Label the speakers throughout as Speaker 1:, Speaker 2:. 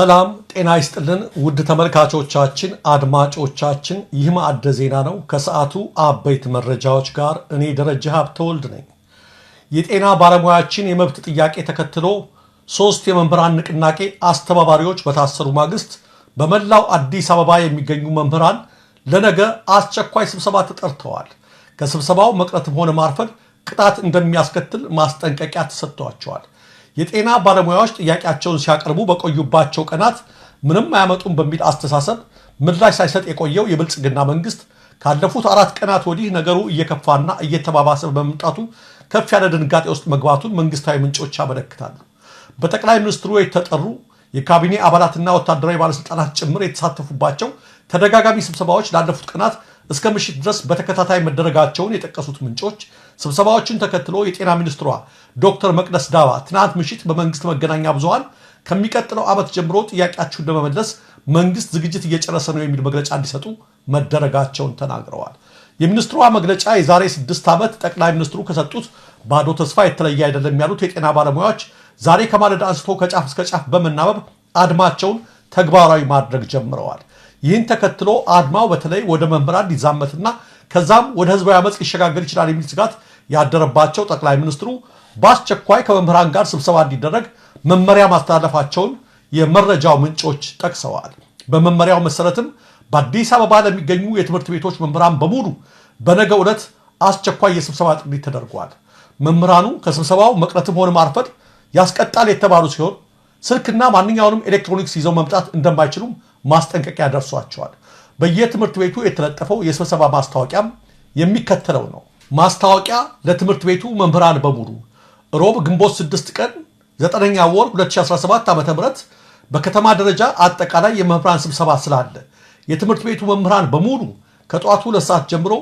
Speaker 1: ሰላም ጤና ይስጥልን ውድ ተመልካቾቻችን፣ አድማጮቻችን፣ ይህ ማዕደ ዜና ነው። ከሰዓቱ አበይት መረጃዎች ጋር እኔ ደረጀ ሀብተወልድ ነኝ። የጤና ባለሙያችን የመብት ጥያቄ ተከትሎ ሶስት የመምህራን ንቅናቄ አስተባባሪዎች በታሰሩ ማግስት በመላው አዲስ አበባ የሚገኙ መምህራን ለነገ አስቸኳይ ስብሰባ ተጠርተዋል። ከስብሰባው መቅረትም ሆነ ማርፈድ ቅጣት እንደሚያስከትል ማስጠንቀቂያ ተሰጥተዋቸዋል። የጤና ባለሙያዎች ጥያቄያቸውን ሲያቀርቡ በቆዩባቸው ቀናት ምንም አያመጡም በሚል አስተሳሰብ ምላሽ ሳይሰጥ የቆየው የብልጽግና መንግስት ካለፉት አራት ቀናት ወዲህ ነገሩ እየከፋና እየተባባሰ በመምጣቱ ከፍ ያለ ድንጋጤ ውስጥ መግባቱን መንግስታዊ ምንጮች ያመለክታሉ። በጠቅላይ ሚኒስትሩ የተጠሩ የካቢኔ አባላትና ወታደራዊ ባለስልጣናት ጭምር የተሳተፉባቸው ተደጋጋሚ ስብሰባዎች ላለፉት ቀናት እስከ ምሽት ድረስ በተከታታይ መደረጋቸውን የጠቀሱት ምንጮች ስብሰባዎችን ተከትሎ የጤና ሚኒስትሯ ዶክተር መቅደስ ዳባ ትናንት ምሽት በመንግስት መገናኛ ብዙሃን ከሚቀጥለው ዓመት ጀምሮ ጥያቄያችሁን ለመመለስ መንግስት ዝግጅት እየጨረሰ ነው የሚል መግለጫ እንዲሰጡ መደረጋቸውን ተናግረዋል። የሚኒስትሯ መግለጫ የዛሬ ስድስት ዓመት ጠቅላይ ሚኒስትሩ ከሰጡት ባዶ ተስፋ የተለየ አይደለም ያሉት የጤና ባለሙያዎች ዛሬ ከማለዳ አንስቶ ከጫፍ እስከ ጫፍ በመናበብ አድማቸውን ተግባራዊ ማድረግ ጀምረዋል። ይህን ተከትሎ አድማው በተለይ ወደ መምህራን ሊዛመትና ከዛም ወደ ህዝባዊ አመፅ ሊሸጋገር ይችላል የሚል ስጋት ያደረባቸው ጠቅላይ ሚኒስትሩ በአስቸኳይ ከመምህራን ጋር ስብሰባ እንዲደረግ መመሪያ ማስተላለፋቸውን የመረጃው ምንጮች ጠቅሰዋል። በመመሪያው መሰረትም በአዲስ አበባ ለሚገኙ የትምህርት ቤቶች መምህራን በሙሉ በነገ ዕለት አስቸኳይ የስብሰባ ጥሪ ተደርጓል። መምህራኑ ከስብሰባው መቅረትም ሆነ ማርፈድ ያስቀጣል የተባሉ ሲሆን ስልክና ማንኛውንም ኤሌክትሮኒክስ ይዘው መምጣት እንደማይችሉም ማስጠንቀቂያ ደርሷቸዋል። በየትምህርት ቤቱ የተለጠፈው የስብሰባ ማስታወቂያም የሚከተለው ነው። ማስታወቂያ ለትምህርት ቤቱ መምህራን በሙሉ ሮብ ግንቦት 6 ቀን 9ኛ ወር 2017 ዓ ም በከተማ ደረጃ አጠቃላይ የመምህራን ስብሰባ ስላለ የትምህርት ቤቱ መምህራን በሙሉ ከጠዋቱ ሁለት ሰዓት ጀምሮ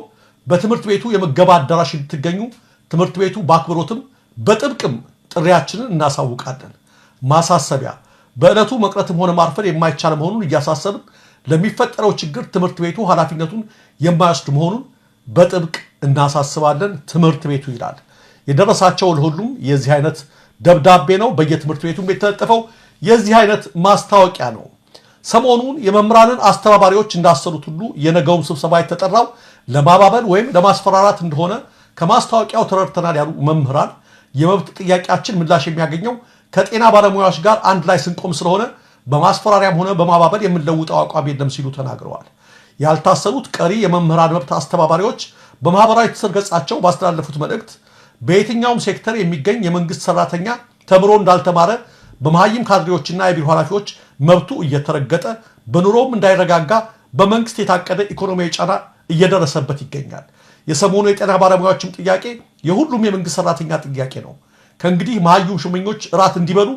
Speaker 1: በትምህርት ቤቱ የምገባ አዳራሽ እንድትገኙ ትምህርት ቤቱ በአክብሮትም በጥብቅም ጥሪያችንን እናሳውቃለን። ማሳሰቢያ፣ በዕለቱ መቅረትም ሆነ ማርፈር የማይቻል መሆኑን እያሳሰብን ለሚፈጠረው ችግር ትምህርት ቤቱ ኃላፊነቱን የማይወስድ መሆኑን በጥብቅ እናሳስባለን። ትምህርት ቤቱ ይላል የደረሳቸው ለሁሉም የዚህ አይነት ደብዳቤ ነው። በየትምህርት ቤቱም የተለጠፈው የዚህ አይነት ማስታወቂያ ነው። ሰሞኑን የመምህራንን አስተባባሪዎች እንዳሰሩት ሁሉ የነገውም ስብሰባ የተጠራው ለማባበል ወይም ለማስፈራራት እንደሆነ ከማስታወቂያው ተረድተናል ያሉ መምህራን የመብት ጥያቄያችን ምላሽ የሚያገኘው ከጤና ባለሙያዎች ጋር አንድ ላይ ስንቆም ስለሆነ በማስፈራሪያም ሆነ በማባበል የምንለውጠው አቋም የለም ሲሉ ተናግረዋል። ያልታሰሩት ቀሪ የመምህራን መብት አስተባባሪዎች በማህበራዊ ትስስር ገጻቸው ባስተላለፉት መልእክት በየትኛውም ሴክተር የሚገኝ የመንግስት ሰራተኛ ተምሮ እንዳልተማረ በመሀይም ካድሬዎችና የቢሮ ኃላፊዎች መብቱ እየተረገጠ በኑሮውም እንዳይረጋጋ በመንግስት የታቀደ ኢኮኖሚያዊ ጫና እየደረሰበት ይገኛል። የሰሞኑ የጤና ባለሙያዎችም ጥያቄ የሁሉም የመንግስት ሰራተኛ ጥያቄ ነው። ከእንግዲህ መሀዩ ሹመኞች እራት እንዲበሉ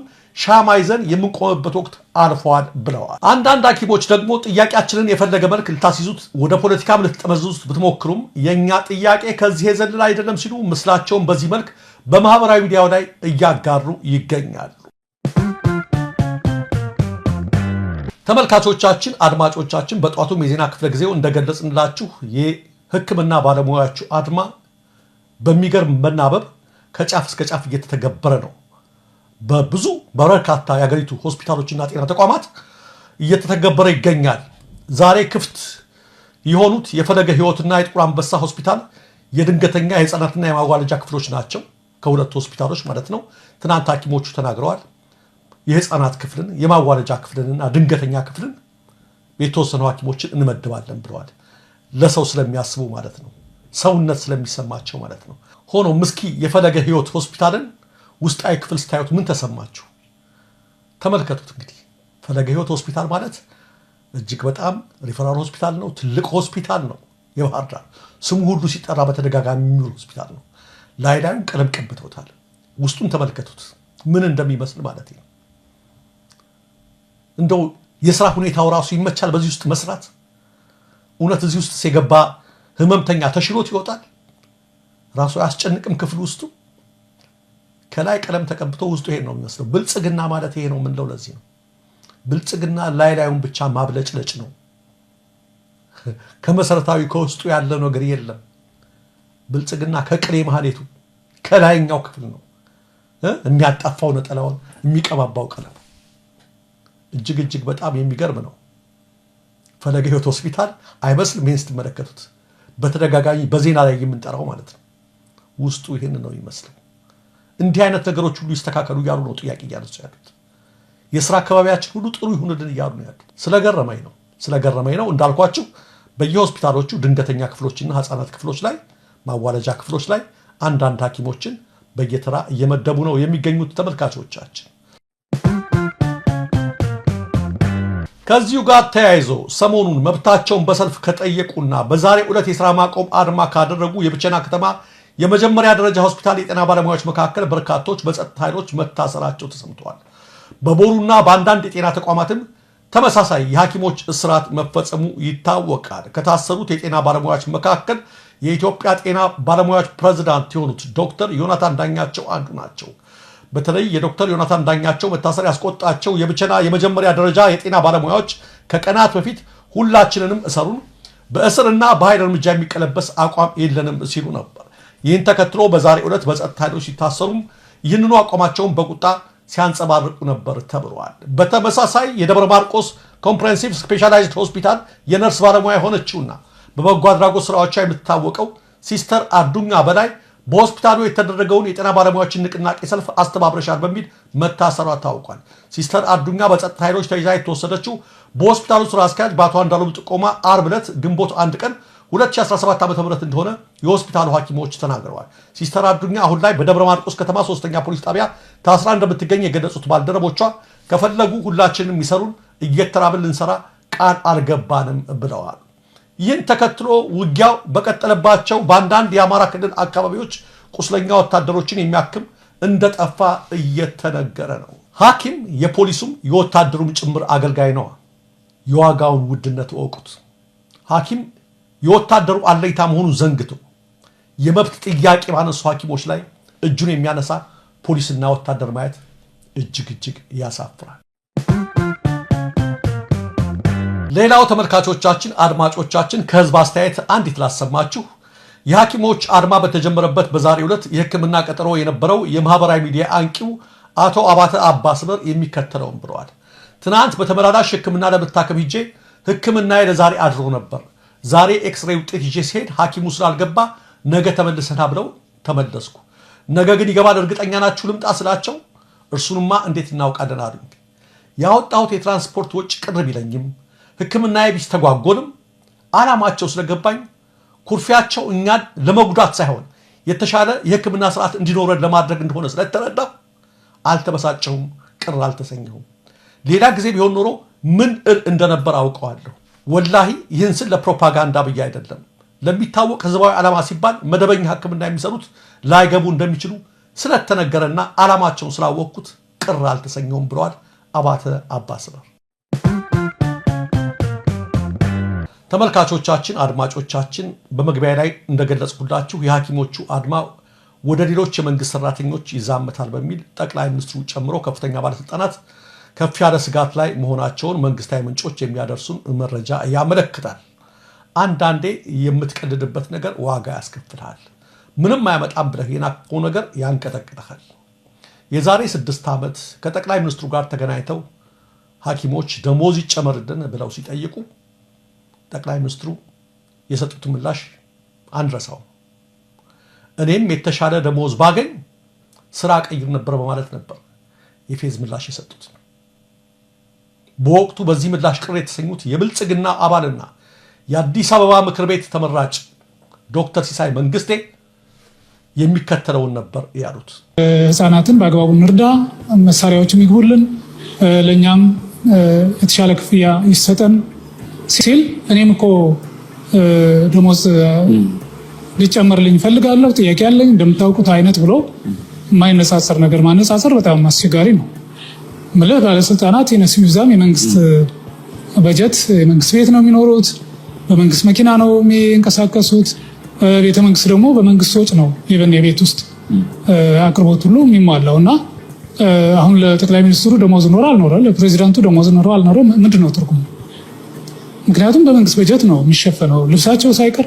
Speaker 1: ሻማ ይዘን የምንቆምበት ወቅት አልፏል ብለዋል። አንዳንድ ሐኪሞች ደግሞ ጥያቄያችንን የፈለገ መልክ ልታስይዙት ወደ ፖለቲካም ልትጠመዝዙት ብትሞክሩም የእኛ ጥያቄ ከዚህ የዘለለ አይደለም ሲሉ ምስላቸውን በዚህ መልክ በማህበራዊ ሚዲያው ላይ እያጋሩ ይገኛል። ተመልካቾቻችን፣ አድማጮቻችን በጠዋቱም የዜና ክፍለ ጊዜው እንደገለጽንላችሁ የሕክምና ባለሙያዎቹ አድማ በሚገርም መናበብ ከጫፍ እስከ ጫፍ እየተተገበረ ነው። በብዙ በበርካታ የአገሪቱ ሆስፒታሎችና ጤና ተቋማት እየተተገበረ ይገኛል። ዛሬ ክፍት የሆኑት የፈለገ ህይወትና የጥቁር አንበሳ ሆስፒታል የድንገተኛ የህፃናትና የማዋለጃ ክፍሎች ናቸው። ከሁለቱ ሆስፒታሎች ማለት ነው። ትናንት ሐኪሞቹ ተናግረዋል። የህፃናት ክፍልን የማዋለጃ ክፍልንና ድንገተኛ ክፍልን የተወሰኑ ሐኪሞችን እንመድባለን ብለዋል። ለሰው ስለሚያስቡ ማለት ነው። ሰውነት ስለሚሰማቸው ማለት ነው። ሆኖም ምስኪ የፈለገ ህይወት ሆስፒታልን ውስጣዊ ክፍል ስታዩት ምን ተሰማችሁ? ተመልከቱት። እንግዲህ ፈለገ ህይወት ሆስፒታል ማለት እጅግ በጣም ሪፈራል ሆስፒታል ነው። ትልቅ ሆስፒታል ነው። የባህር ዳር ስሙ ሁሉ ሲጠራ በተደጋጋሚ የሚውል ሆስፒታል ነው። ላይ ላዩን ቀለም ቀብተውታል። ውስጡን ተመልከቱት ምን እንደሚመስል ማለት ነው። እንደው የስራ ሁኔታው ራሱ ይመቻል? በዚህ ውስጥ መስራት እውነት እዚህ ውስጥ ሲገባ ህመምተኛ ተሽሎት ይወጣል? ራሱ አያስጨንቅም? ክፍል ውስጡ ከላይ ቀለም ተቀብቶ ውስጡ ይሄን ነው የሚመስለው። ብልጽግና ማለት ይሄ ነው የምንለው ለዚህ ነው። ብልጽግና ላይ ላዩን ብቻ ማብለጭለጭ ነው። ከመሰረታዊ ከውስጡ ያለ ነገር የለም። ብልጽግና ከቅሌ ማህሌቱ ከላይኛው ክፍል ነው የሚያጣፋው ነጠላውን የሚቀባባው ቀለም እጅግ እጅግ በጣም የሚገርም ነው። ፈለገ ህይወት ሆስፒታል አይመስልም ይህን ስትመለከቱት በተደጋጋሚ በዜና ላይ የምንጠራው ማለት ነው። ውስጡ ይህን ነው ይመስለው። እንዲህ አይነት ነገሮች ሁሉ ይስተካከሉ እያሉ ነው ጥያቄ እያነሱ ያሉት። የስራ አካባቢያችን ሁሉ ጥሩ ይሁንልን እያሉ ነው ያሉት። ስለገረመኝ ነው ስለገረመኝ ነው እንዳልኳችሁ በየሆስፒታሎቹ ድንገተኛ ክፍሎችና ህፃናት ክፍሎች ላይ ማዋለጃ ክፍሎች ላይ አንዳንድ ሐኪሞችን በየተራ እየመደቡ ነው የሚገኙት ተመልካቾቻችን። ከዚሁ ጋር ተያይዞ ሰሞኑን መብታቸውን በሰልፍ ከጠየቁና በዛሬ ዕለት የሥራ ማቆም አድማ ካደረጉ የብቸና ከተማ የመጀመሪያ ደረጃ ሆስፒታል የጤና ባለሙያዎች መካከል በርካቶች በጸጥታ ኃይሎች መታሰራቸው ተሰምተዋል። በቦሩና በአንዳንድ የጤና ተቋማትም ተመሳሳይ የሐኪሞች እስራት መፈጸሙ ይታወቃል። ከታሰሩት የጤና ባለሙያዎች መካከል የኢትዮጵያ ጤና ባለሙያዎች ፕሬዝዳንት የሆኑት ዶክተር ዮናታን ዳኛቸው አንዱ ናቸው። በተለይ የዶክተር ዮናታን ዳኛቸው መታሰር ያስቆጣቸው የብቸና የመጀመሪያ ደረጃ የጤና ባለሙያዎች ከቀናት በፊት ሁላችንንም እሰሩን፣ በእስርና በኃይል እርምጃ የሚቀለበስ አቋም የለንም ሲሉ ነበር። ይህን ተከትሎ በዛሬ ዕለት በጸጥታ ኃይሎች ሲታሰሩም ይህንኑ አቋማቸውን በቁጣ ሲያንጸባርቁ ነበር ተብለዋል። በተመሳሳይ የደብረ ማርቆስ ኮምፕሬንሲቭ ስፔሻላይዝድ ሆስፒታል የነርስ ባለሙያ የሆነችውና በበጎ አድራጎት ስራዎቿ የምትታወቀው ሲስተር አዱኛ በላይ በሆስፒታሉ የተደረገውን የጤና ባለሙያዎችን ንቅናቄ ሰልፍ አስተባብረሻል በሚል መታሰሯ ታውቋል። ሲስተር አዱኛ በጸጥታ ኃይሎች ተይዛ የተወሰደችው በሆስፒታሉ ስራ አስኪያጅ በአቶ አንዳሎም ጥቆማ አርብ ዕለት ግንቦት አንድ ቀን 2017 ዓ.ም እንደሆነ የሆስፒታሉ ሐኪሞች ተናግረዋል። ሲስተር አዱኛ አሁን ላይ በደብረ ማርቆስ ከተማ ሶስተኛ ፖሊስ ጣቢያ ታስራ እንደምትገኝ የገለጹት ባልደረቦቿ ከፈለጉ ሁላችንም ይሰሩን፣ እየተራብን ልንሰራ ቃል አልገባንም ብለዋል። ይህን ተከትሎ ውጊያው በቀጠለባቸው በአንዳንድ የአማራ ክልል አካባቢዎች ቁስለኛ ወታደሮችን የሚያክም እንደጠፋ እየተነገረ ነው። ሐኪም የፖሊሱም የወታደሩም ጭምር አገልጋይ ነዋ። የዋጋውን ውድነት እወቁት። ሐኪም የወታደሩ አለይታ መሆኑን ዘንግቶ የመብት ጥያቄ ባነሱ ሐኪሞች ላይ እጁን የሚያነሳ ፖሊስና ወታደር ማየት እጅግ እጅግ ያሳፍራል። ሌላው ተመልካቾቻችን፣ አድማጮቻችን ከህዝብ አስተያየት አንዲት ላሰማችሁ። የሐኪሞች አድማ በተጀመረበት በዛሬው ዕለት የህክምና ቀጠሮ የነበረው የማህበራዊ ሚዲያ አንቂው አቶ አባተ አባስበር የሚከተለውን ብለዋል። ትናንት በተመላላሽ ህክምና ለመታከም ሂጄ ህክምናዬ ለዛሬ አድሮ ነበር። ዛሬ ኤክስሬ ውጤት ይዤ ሲሄድ ሐኪሙ ስላልገባ ነገ ተመልሰና ብለው ተመለስኩ። ነገ ግን ይገባል እርግጠኛ ናችሁ ልምጣ ስላቸው እርሱንማ እንዴት እናውቃለን አሉኝ። ያወጣሁት የትራንስፖርት ወጪ ቅር ቢለኝም ሕክምናዬ ቢስተጓጎልም አላማቸው ስለገባኝ ኩርፊያቸው እኛን ለመጉዳት ሳይሆን የተሻለ የህክምና ስርዓት እንዲኖረን ለማድረግ እንደሆነ ስለተረዳ አልተበሳጨሁም፣ ቅር አልተሰኘሁም። ሌላ ጊዜ ቢሆን ኖሮ ምን እል እንደነበር አውቀዋለሁ። ወላሂ ይህን ስል ለፕሮፓጋንዳ ብዬ አይደለም። ለሚታወቅ ህዝባዊ ዓላማ ሲባል መደበኛ ህክምና የሚሰሩት ላይገቡ እንደሚችሉ ስለተነገረና ዓላማቸውን ስላወቅኩት ቅር አልተሰኘውም ብለዋል አባተ አባ ተመልካቾቻችን፣ አድማጮቻችን በመግቢያ ላይ እንደገለጽኩላችሁ የሐኪሞቹ አድማ ወደ ሌሎች የመንግስት ሰራተኞች ይዛመታል በሚል ጠቅላይ ሚኒስትሩ ጨምሮ ከፍተኛ ባለስልጣናት ከፍ ያለ ስጋት ላይ መሆናቸውን መንግስታዊ ምንጮች የሚያደርሱን መረጃ ያመለክታል። አንዳንዴ የምትቀልድበት ነገር ዋጋ ያስከፍልሃል። ምንም አያመጣም ብለህ የናቅኸው ነገር ያንቀጠቅጠሃል። የዛሬ ስድስት ዓመት ከጠቅላይ ሚኒስትሩ ጋር ተገናኝተው ሐኪሞች ደሞዝ ይጨመርልን ብለው ሲጠይቁ ጠቅላይ ሚኒስትሩ የሰጡት ምላሽ አንረሳውም። እኔም የተሻለ ደሞዝ ባገኝ ስራ ቀይር ነበር በማለት ነበር የፌዝ ምላሽ የሰጡት። በወቅቱ በዚህ ምላሽ ቅር የተሰኙት የብልጽግና አባልና የአዲስ አበባ ምክር ቤት ተመራጭ ዶክተር ሲሳይ መንግስቴ የሚከተለውን ነበር ያሉት።
Speaker 2: ህፃናትን በአግባቡ እንርዳ፣ መሳሪያዎችም ይግቡልን፣ ለእኛም የተሻለ ክፍያ ይሰጠን ሲል እኔም እኮ ደሞዝ ሊጨመርልኝ እፈልጋለሁ፣ ጥያቄ አለኝ እንደምታውቁት አይነት ብሎ የማይነሳሰር ነገር ማነሳሰር በጣም አስቸጋሪ ነው። ምልህ ባለስልጣናት የነሱ የመንግስት በጀት የመንግስት ቤት ነው የሚኖሩት፣ በመንግስት መኪና ነው የሚንቀሳቀሱት። ቤተመንግስት ደግሞ በመንግስት ወጪ ነው ይበን የቤት ውስጥ አቅርቦት ሁሉ የሚሟላው እና አሁን ለጠቅላይ ሚኒስትሩ ደሞዝ ኖረ አልኖረ፣ ለፕሬዚዳንቱ ደሞዝ ኖረ አልኖረ ምንድን ነው ትርጉሙ? ምክንያቱም በመንግስት በጀት ነው የሚሸፈነው ልብሳቸው ሳይቀር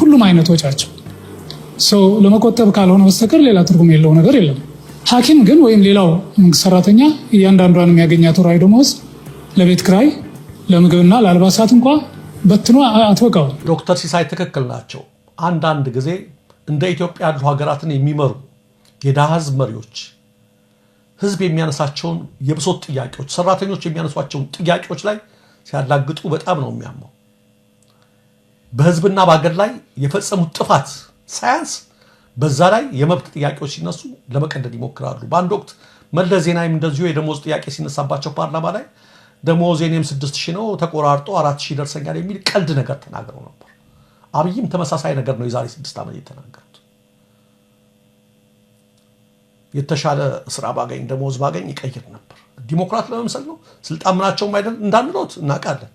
Speaker 2: ሁሉም አይነት ወጫቸው ሰው ለመቆጠብ ካልሆነ በስተቀር ሌላ ትርጉም የለው ነገር የለም። ሐኪም ግን ወይም ሌላው መንግስት ሰራተኛ እያንዳንዷን የሚያገኛት ወርሃዊ ደመወዝ ለቤት ክራይ፣ ለምግብና ለአልባሳት እንኳ በትኖ አትበቃው።
Speaker 1: ዶክተር ሲሳይ ትክክል ናቸው። አንዳንድ ጊዜ እንደ ኢትዮጵያ ያሉ ሀገራትን የሚመሩ የድሃ ህዝብ መሪዎች ህዝብ የሚያነሳቸውን የብሶት ጥያቄዎች፣ ሰራተኞች የሚያነሷቸውን ጥያቄዎች ላይ ሲያላግጡ በጣም ነው የሚያመው። በህዝብና በአገር ላይ የፈጸሙት ጥፋት ሳያንስ በዛ ላይ የመብት ጥያቄዎች ሲነሱ ለመቀደድ ይሞክራሉ። በአንድ ወቅት መለስ ዜናዊም እንደዚሁ የደሞዝ ጥያቄ ሲነሳባቸው ፓርላማ ላይ ደሞዝ የኔም ስድስት ሺህ ነው ተቆራርጦ አራት ሺህ ደርሰኛል የሚል ቀልድ ነገር ተናግረው ነበር። አብይም ተመሳሳይ ነገር ነው የዛሬ ስድስት ዓመት የተናገሩት። የተሻለ ስራ ባገኝ ደሞዝ ባገኝ ይቀይር ነበር። ዲሞክራት ለመምሰል ነው። ስልጣን ምናቸውም አይደል እንዳንሎት እናውቃለን።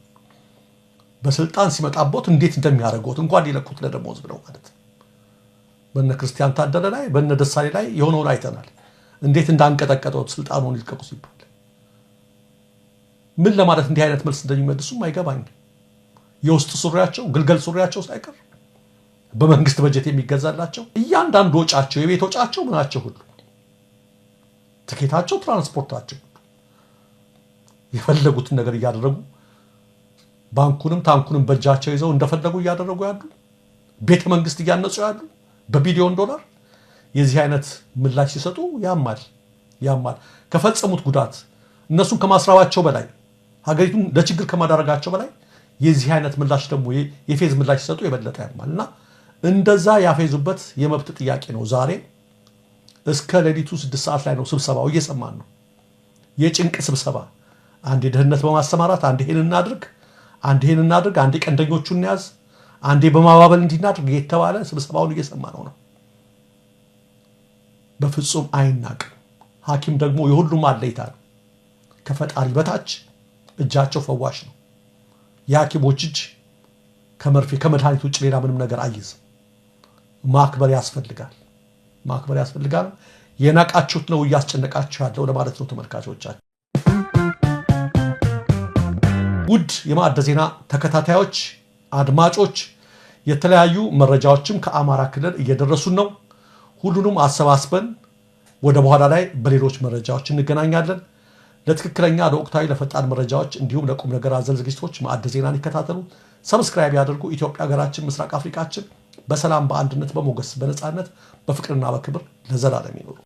Speaker 1: በስልጣን ሲመጣቦት እንዴት እንደሚያደርጎት እንኳን ሊለኩት ለደሞዝ ብለው ማለት በነ ክርስቲያን ታደለ ላይ በነ ደሳሌ ላይ የሆነውን አይተናል። እንዴት እንዳንቀጠቀጠው ስልጣኑን ይልቀቁ ሲባል ምን ለማለት እንዲህ አይነት መልስ እንደሚመልሱም አይገባኝ። የውስጥ ሱሪያቸው ግልገል ሱሪያቸው ሳይቀር በመንግስት በጀት የሚገዛላቸው እያንዳንዱ ወጫቸው የቤት ወጫቸው ምናቸው ሁሉ ትኬታቸው፣ ትራንስፖርታቸው የፈለጉትን ነገር እያደረጉ ባንኩንም ታንኩንም በእጃቸው ይዘው እንደፈለጉ እያደረጉ ያሉ ቤተ መንግስት እያነጹ ያሉ በቢሊዮን ዶላር የዚህ አይነት ምላሽ ሲሰጡ ያማል ያማል። ከፈጸሙት ጉዳት እነሱን ከማስራባቸው በላይ ሀገሪቱን ለችግር ከማዳረጋቸው በላይ የዚህ አይነት ምላሽ ደግሞ የፌዝ ምላሽ ሲሰጡ የበለጠ ያማል እና እንደዛ ያፌዙበት የመብት ጥያቄ ነው ዛሬ እስከ ሌሊቱ ስድስት ሰዓት ላይ ነው ስብሰባው። እየሰማን ነው። የጭንቅ ስብሰባ አንዴ ደህንነት በማሰማራት አንድ ይሄን እናድርግ፣ አንድ ይሄን እናድርግ፣ አንዴ ቀንደኞቹ እንያዝ፣ አንዴ በማባበል እንዲናድርግ የተባለ ስብሰባውን እየሰማ ነው ነው በፍጹም አይናቅም። ሐኪም ደግሞ የሁሉም አለይታ ነው። ከፈጣሪ በታች እጃቸው ፈዋሽ ነው። የሐኪሞች እጅ ከመርፌ ከመድኃኒት ውጭ ሌላ ምንም ነገር አይዝም። ማክበር ያስፈልጋል። ማክበር ያስፈልጋል። የናቃችሁት ነው እያስጨነቃችሁ ያለው ለማለት ነው። ተመልካቾቻችን ውድ የማዕደ ዜና ተከታታዮች አድማጮች፣ የተለያዩ መረጃዎችም ከአማራ ክልል እየደረሱን ነው። ሁሉንም አሰባስበን ወደ በኋላ ላይ በሌሎች መረጃዎች እንገናኛለን። ለትክክለኛ ለወቅታዊ፣ ለፈጣን መረጃዎች እንዲሁም ለቁም ነገር አዘል ዝግጅቶች ማዕደ ዜናን ይከታተሉ፣ ሰብስክራይብ ያደርጉ። ኢትዮጵያ ሀገራችን፣ ምስራቅ አፍሪካችን በሰላም በአንድነት በሞገስ በነፃነት በፍቅርና በክብር ለዘላለም ይኑሩ።